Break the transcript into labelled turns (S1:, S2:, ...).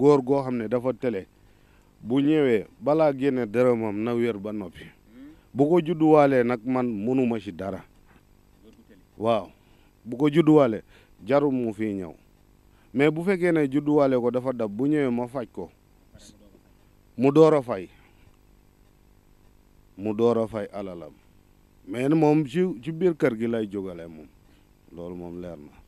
S1: góor goo xam ne dafa télé bu ñëwee balaa génne dërëmam na wér ba noppi bu ko judduwaalee nag man mënuma ci dara waaw bu ko judduwaale jarum mu fii ñëw mais bu fekkee ne judduwaale ko dafa dab bu ñëwee ma faj ko mu door a fay mu door a fay alalam mais moom ci biir kër gi lay jógale moom
S2: loolu moom leer na